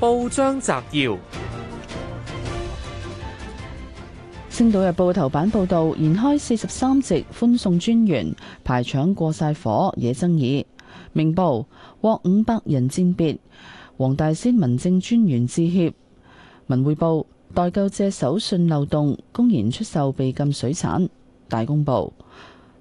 報章摘要：星島日報頭版報道，筵開四十三席專，歡送專員排場過晒火，惹爭議。明報獲五百人餞別，黃大仙民政專員致歉。文匯報代購借手信漏洞，公然出售被禁水產。大公報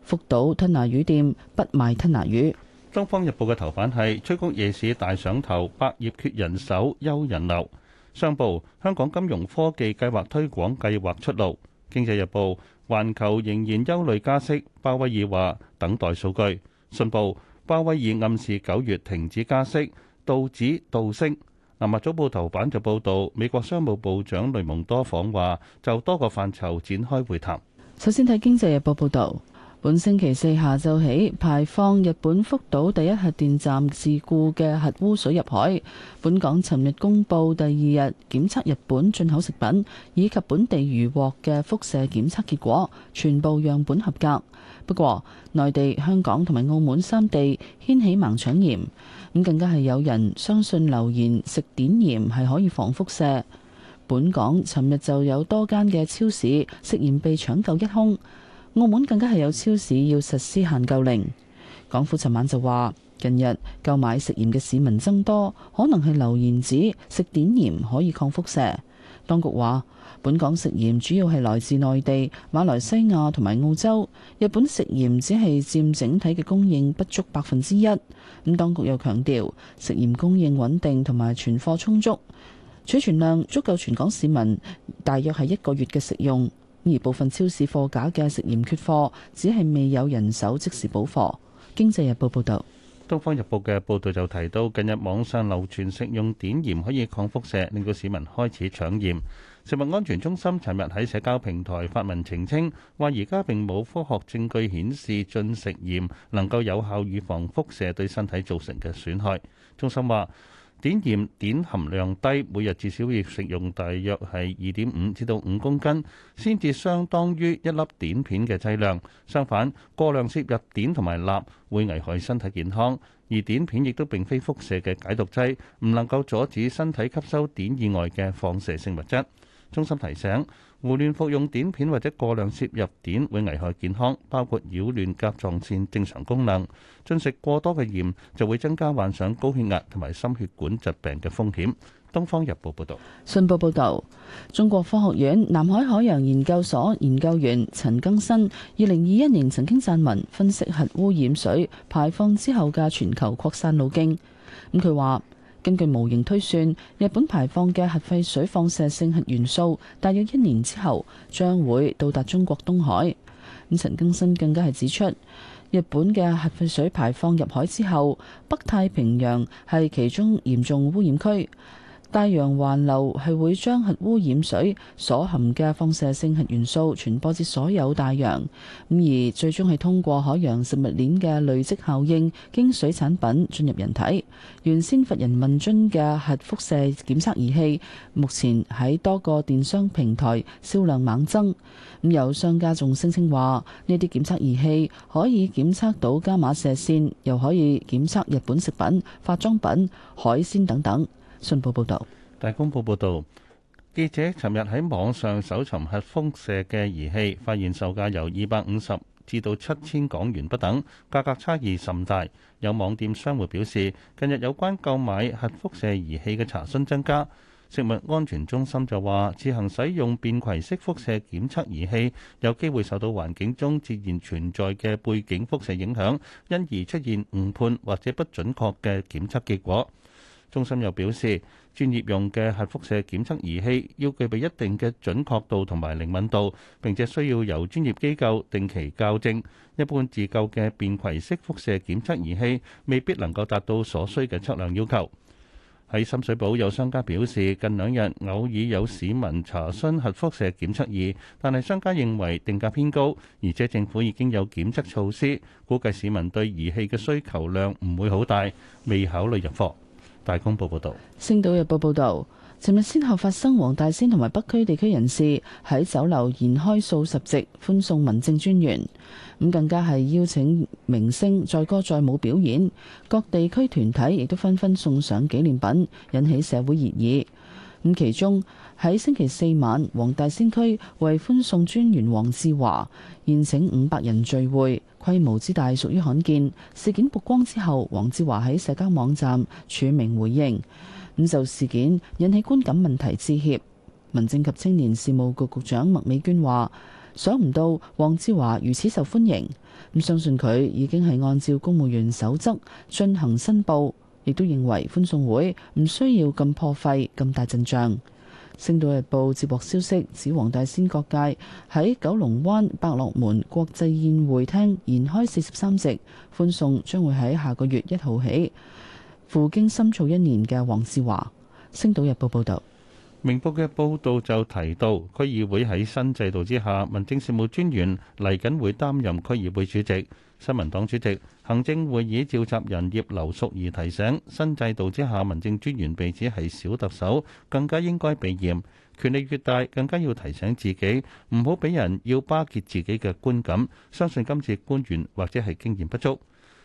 福島吞拿魚店不賣吞拿魚。《東方日報》嘅頭版係：催谷夜市大上頭，百業缺人手、憂人流。商報：香港金融科技計劃推廣計劃出爐。經濟日報：環球仍然憂慮加息，鮑威爾話等待數據。信報：鮑威爾暗示九月停止加息，道指倒升。《南華早報》頭版就報導美國商務部長雷蒙多訪華，就多個範疇展開會談。首先睇經濟日報報導。本星期四下晝起排放日本福島第一核電站事故嘅核污水入海。本港尋日公布第二日檢測日本進口食品以及本地漁獲嘅輻射檢測結果，全部樣本合格。不過，內地、香港同埋澳門三地掀起盲搶鹽，咁更加係有人相信流言食碘鹽係可以防輻射。本港尋日就有多間嘅超市食鹽被搶購一空。澳門更加係有超市要實施限購令，港府尋晚就話，近日購買食鹽嘅市民增多，可能係流言指食碘鹽可以抗輻射。當局話，本港食鹽主要係來自內地、馬來西亞同埋澳洲，日本食鹽只係佔整體嘅供應不足百分之一。咁當局又強調，食鹽供應穩定同埋存貨充足，儲存量足夠全港市民大約係一個月嘅食用。而部分超市貨架嘅食鹽缺貨，只係未有人手即時補貨。經濟日報報道，東方日報嘅報道就提到，近日網上流傳食用碘鹽可以抗輻射，令到市民開始搶鹽。食物安全中心尋日喺社交平台發文澄清，話而家並冇科學證據顯示進食鹽能夠有效預防輻射對身體造成嘅損害。中心話。碘鹽碘含量低，每日至少要食用大約係二點五至到五公斤，先至相當於一粒碘片嘅劑量。相反，過量攝入碘同埋鈉會危害身體健康。而碘片亦都並非輻射嘅解毒劑，唔能夠阻止身體吸收碘以外嘅放射性物質。中心提醒：胡亂服用碘片或者過量攝入碘會危害健康，包括擾亂甲狀腺正常功能。進食過多嘅鹽就會增加患上高血壓同埋心血管疾病嘅風險。《東方日報》報道：「信報報道，中國科學院南海海洋研究所研究員陳更新，二零二一年曾經撰文分析核污染水排放之後嘅全球擴散路徑。咁佢話。根據模型推算，日本排放嘅核廢水放射性核元素，大約一年之後將會到達中國東海。咁陳更新更加係指出，日本嘅核廢水排放入海之後，北太平洋係其中嚴重污染區。大洋環流係會將核污染水所含嘅放射性核元素傳播至所有大洋，咁而最終係通過海洋食物鏈嘅累積效應，經水產品進入人體。原先乏人問津嘅核輻射檢測儀器，目前喺多個電商平台銷量猛增。咁有商家仲聲稱話，呢啲檢測儀器可以檢測到伽馬射線，又可以檢測日本食品、化妝品、海鮮等等。信報報道，大公報報道，記者尋日喺網上搜尋核輻射嘅儀器，發現售價由二百五十至到七千港元不等，價格差異甚大。有網店商戶表示，近日有關購買核輻射儀器嘅查詢增加。食物安全中心就話，自行使用便攜式輻射檢測儀器，有機會受到環境中自然存在嘅背景輻射影響，因而出現誤判或者不準確嘅檢測結果。中心又表示，專業用嘅核輻射檢測儀器要具備一定嘅準確度同埋靈敏度，並且需要由專業機構定期校正。一般自購嘅便攜式輻射檢測儀器未必能夠達到所需嘅測量要求。喺深水埗有商家表示，近兩日偶爾有市民查詢核輻射檢測儀，但係商家認為定價偏高，而且政府已經有檢測措施，估計市民對儀器嘅需求量唔會好大，未考慮入貨。大公報報導，《星島日報》報導，尋日先後發生黃大仙同埋北區地區人士喺酒樓筵開數十席，歡送民政專員。咁更加係邀請明星載歌載舞表演，各地區團體亦都紛紛送上紀念品，引起社會熱議。咁其中喺星期四晚，黃大仙區為歡送專員黃志華，宴請五百人聚會，規模之大屬於罕見。事件曝光之後，黃志華喺社交網站署名回應，咁就事件引起觀感問題致歉。民政及青年事務局局，局長麥美娟話：想唔到黃志華如此受歡迎，咁相信佢已經係按照公務員守則進行申報。亦都認為歡送會唔需要咁破費，咁大陣仗。《星島日報》接獲消息指，黃大仙各界喺九龍灣百樂門國際宴會廳延開四十三席歡送，將會喺下個月一號起，赴京深造一年嘅黃志華，《星島日報》報道。明報嘅報道就提到，區議會喺新制度之下，民政事務專員嚟緊會擔任區議會主席。新民黨主席、行政會議召集人葉劉淑儀提醒，新制度之下，民政專員被指係小特首，更加應該避嫌。權力越大，更加要提醒自己，唔好俾人要巴結自己嘅觀感。相信今次官員或者係經驗不足。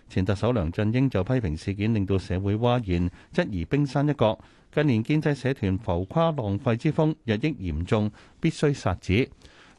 前特首梁振英就批評事件令到社會嘩然，質疑冰山一角。近年建制社團浮誇浪費之風日益嚴重，必須殺止。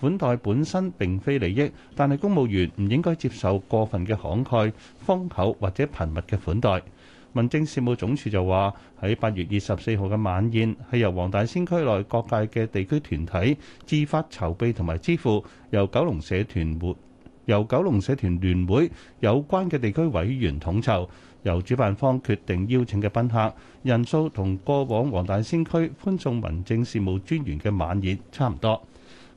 款待本，本身並非利益，但係公務員唔應該接受過分嘅慷慨、豐厚、或者頻密嘅款待。民政事務總署就話，喺八月二十四號嘅晚宴係由黃大仙區內各界嘅地區團體自發籌備同埋支付，由九龍社團活由九龍社團聯會有關嘅地區委員統籌，由主辦方決定邀請嘅賓客人數同過往黃大仙區歡送民政事務專員嘅晚宴差唔多。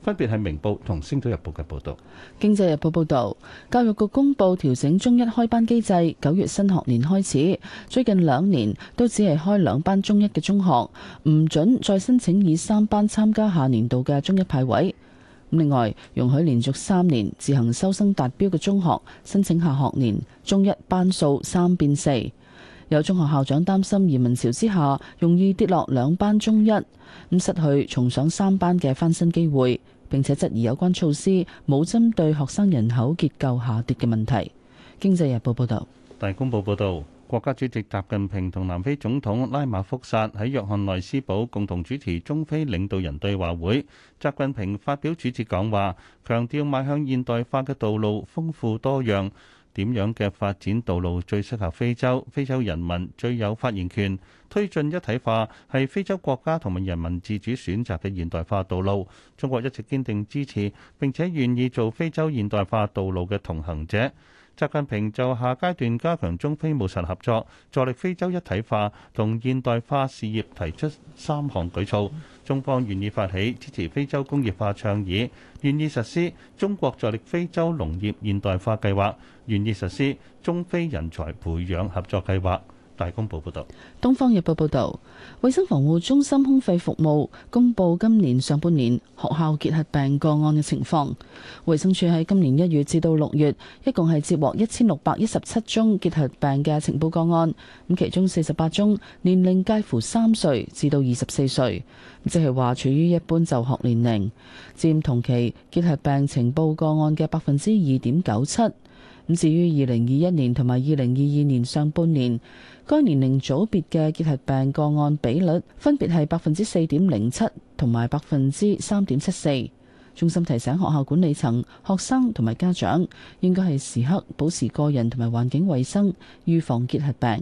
分別係明報同星島日報嘅報導。經濟日報報導，教育局公布調整中一開班機制，九月新學年開始，最近兩年都只係開兩班中一嘅中學，唔准再申請以三班參加下年度嘅中一派位。另外，容許連續三年自行收生達標嘅中學，申請下學年，中一班數三變四。有中學校長擔心移民潮之下，容易跌落兩班中一，咁失去重上三班嘅翻身機會。並且質疑有關措施冇針對學生人口結構下跌嘅問題。經濟日報報道。大公報報道，國家主席習近平同南非總統拉馬福薩喺約翰內斯堡共同主持中非領導人對話會。習近平發表主旨講話，強調邁向現代化嘅道路豐富多樣。點樣嘅發展道路最適合非洲？非洲人民最有發言權，推進一體化，係非洲國家同埋人民自主選擇嘅現代化道路。中國一直堅定支持，並且願意做非洲現代化道路嘅同行者。習近平就下階段加強中非務實合作、助力非洲一體化同現代化事業提出三項舉措。中方願意發起支持非洲工業化倡議，願意實施中國助力非洲農業現代化計劃，願意實施中非人才培養合作計劃。大公報報道，《東方日報》報道，衛生防護中心空肺服務公布今年上半年學校結核病個案嘅情況。衛生署喺今年一月至到六月，一共係接獲一千六百一十七宗結核病嘅情報個案，咁其中四十八宗年齡介乎三歲至到二十四歲，即係話處於一般就學年齡，占同期結核病情報個案嘅百分之二點九七。咁至於二零二一年同埋二零二二年上半年，該年齡組別嘅結核病個案比率分別係百分之四點零七同埋百分之三點七四。中心提醒學校管理層、學生同埋家長，應該係時刻保持個人同埋環境衛生，預防結核病。《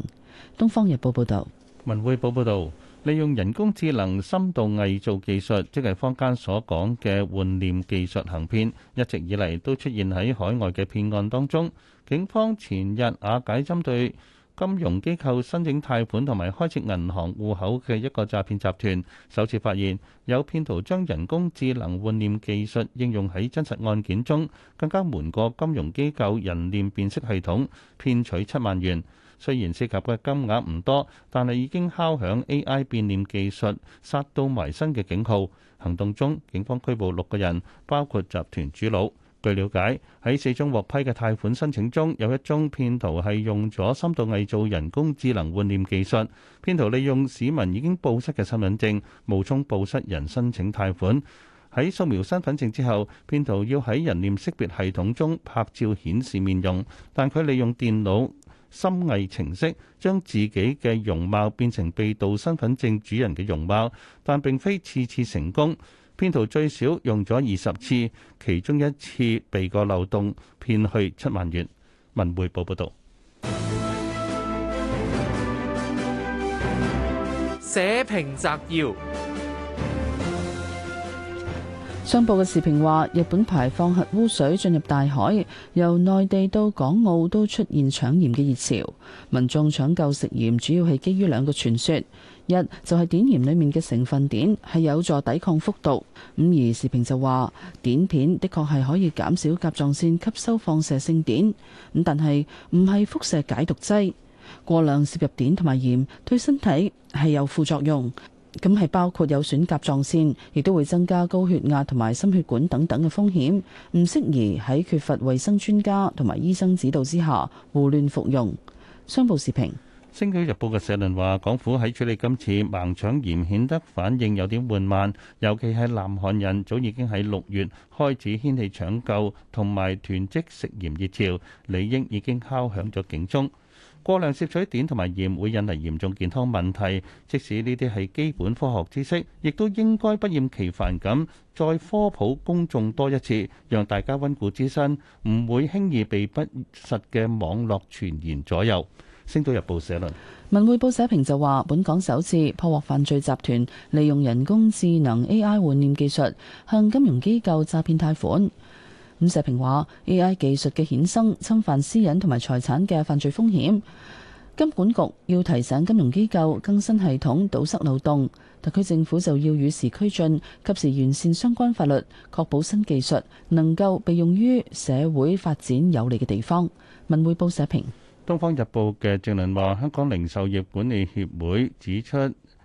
東方日報》報道。《文匯報》報道。利用人工智能深度偽造技術，即係坊間所講嘅換臉技術行騙，一直以嚟都出現喺海外嘅騙案當中。警方前日瓦解針對金融機構申請貸款同埋開設銀行戶口嘅一個詐騙集團，首次發現有騙徒將人工智能換臉技術應用喺真實案件中，更加瞞過金融機構人臉辨識系統，騙取七萬元。雖然涉及嘅金額唔多，但係已經敲響 AI 變臉技術殺到埋身嘅警號。行動中，警方拘捕六個人，包括集團主腦。據了解，喺四宗獲批嘅貸款申請中，有一宗騙徒係用咗深度偽造人工智能換臉技術。騙徒利用市民已經報失嘅身份證，冒充報失人申請貸款。喺掃描身份證之後，騙徒要喺人臉識別系統中拍照顯示面容，但佢利用電腦，心藝程式將自己嘅容貌變成被盜身份證主人嘅容貌，但並非次次成功。騙徒最少用咗二十次，其中一次被個漏洞騙去七萬元。文匯報報導。社評摘要。商報嘅視頻話，日本排放核污水進入大海，由內地到港澳都出現搶鹽嘅熱潮。民眾搶救食鹽主要係基於兩個傳說，一就係碘鹽裡面嘅成分碘係有助抵抗輻射，咁而視頻就話碘片的確係可以減少甲狀腺吸收放射性碘，咁但係唔係輻射解毒劑，過量攝入碘同埋鹽對身體係有副作用。咁係包括有損甲狀腺，亦都會增加高血壓同埋心血管等等嘅風險，唔適宜喺缺乏衞生專家同埋醫生指導之下胡亂服用。商報時評。《星島日報》嘅社論話，港府喺處理今次盲搶鹽，顯得反應有啲緩慢。尤其係南韓人早已經喺六月開始掀起搶購同埋囤積食鹽熱潮，理應已經敲響咗警鐘。過量攝取碘同埋鹽會引嚟嚴重健康問題。即使呢啲係基本科學知識，亦都應該不厭其煩咁再科普公眾多一次，讓大家溫故知新，唔會輕易被不實嘅網絡傳言左右。《星島日報》社論，《文匯報》社評就話：，本港首次破獲犯罪集團利用人工智能 AI 換臉技術向金融機構詐騙貸款。咁社評話：，AI 技術嘅衍生侵犯私隱同埋財產嘅犯罪風險，金管局要提醒金融機構更新系統堵塞漏洞，特區政府就要與時俱進，及時完善相關法律，確保新技術能夠被用於社會發展有利嘅地方。文匯報社評《文匯報》社評。《東方日報》嘅正論話：香港零售業管理協會指出，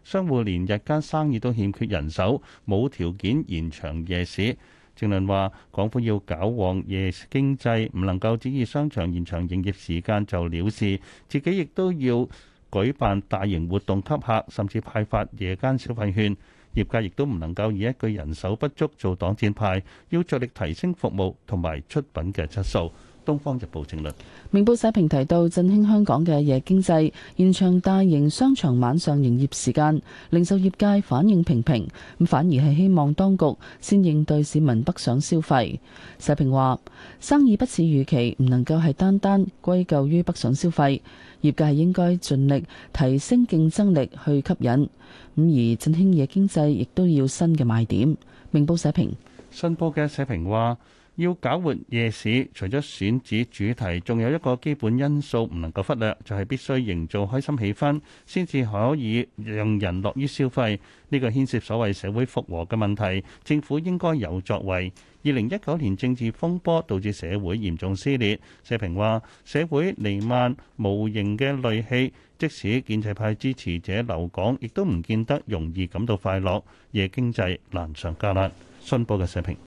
商戶連日間生意都欠缺人手，冇條件延長夜市。正論話：港府要搞旺夜市經濟，唔能夠指意商場延長營業時間就了事，自己亦都要舉辦大型活動吸客，甚至派發夜間消費券。業界亦都唔能夠以一句人手不足做擋箭牌，要着力提升服務同埋出品嘅質素。東方日報正論。明報社評提到振興香港嘅夜經濟，延長大型商場晚上營業時間，零售業界反應平平，咁反而係希望當局先應對市民北上消費。社評話生意不似預期，唔能夠係單單歸咎於北上消費，業界係應該盡力提升競爭力去吸引，咁而振興夜經濟亦都要新嘅賣點。明報社評。新報嘅社評話。要搞活夜市，除咗選址主題，仲有一個基本因素唔能夠忽略，就係必須營造開心氣氛，先至可以讓人樂於消費。呢個牽涉所謂社會復和嘅問題，政府應該有作為。二零一九年政治風波導致社會嚴重撕裂，社評話社會瀰漫無形嘅戾氣，即使建制派支持者留港，亦都唔見得容易感到快樂，夜經濟難上加難。信報嘅社評。